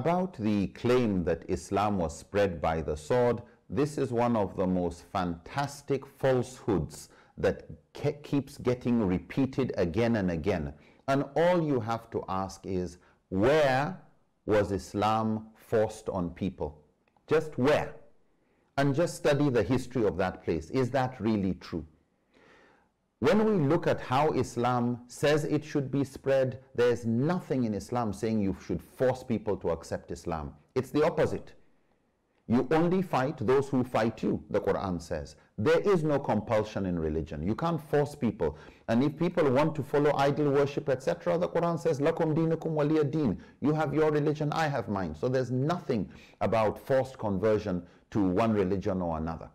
About the claim that Islam was spread by the sword, this is one of the most fantastic falsehoods that ke keeps getting repeated again and again. And all you have to ask is, where was Islam forced on people? Just where? And just study the history of that place. Is that really true? When we look at how Islam says it should be spread, there's nothing in Islam saying you should force people to accept Islam. It's the opposite. You only fight those who fight you, the Quran says. There is no compulsion in religion. You can't force people. And if people want to follow idol worship, etc., the Quran says, Lakum dinakum waliya deen. You have your religion, I have mine. So there's nothing about forced conversion to one religion or another.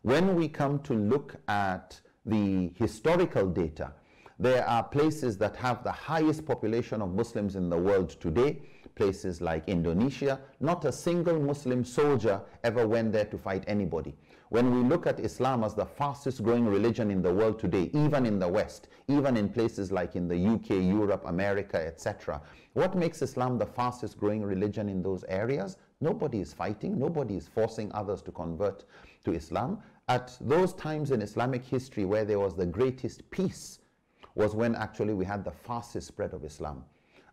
When we come to look at the historical data, there are places that have the highest population of Muslims in the world today, places like Indonesia. Not a single Muslim soldier ever went there to fight anybody. When we look at Islam as the fastest growing religion in the world today, even in the West, even in places like in the UK, Europe, America, etc., what makes Islam the fastest growing religion in those areas? Nobody is fighting, nobody is forcing others to convert to Islam. At those times in Islamic history where there was the greatest peace was when actually we had the fastest spread of Islam.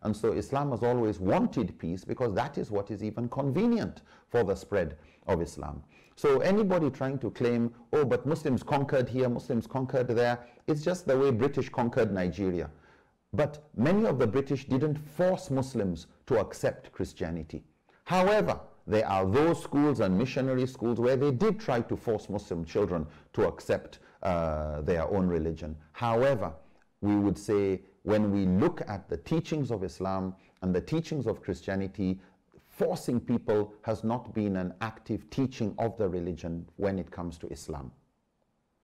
And so Islam has always wanted peace because that is what is even convenient for the spread of Islam. So anybody trying to claim, oh, but Muslims conquered here, Muslims conquered there, it's just the way British conquered Nigeria. But many of the British didn't force Muslims to accept Christianity. However, there are those schools and missionary schools where they did try to force Muslim children to accept uh, their own religion. However, we would say when we look at the teachings of Islam and the teachings of Christianity, forcing people has not been an active teaching of the religion when it comes to Islam.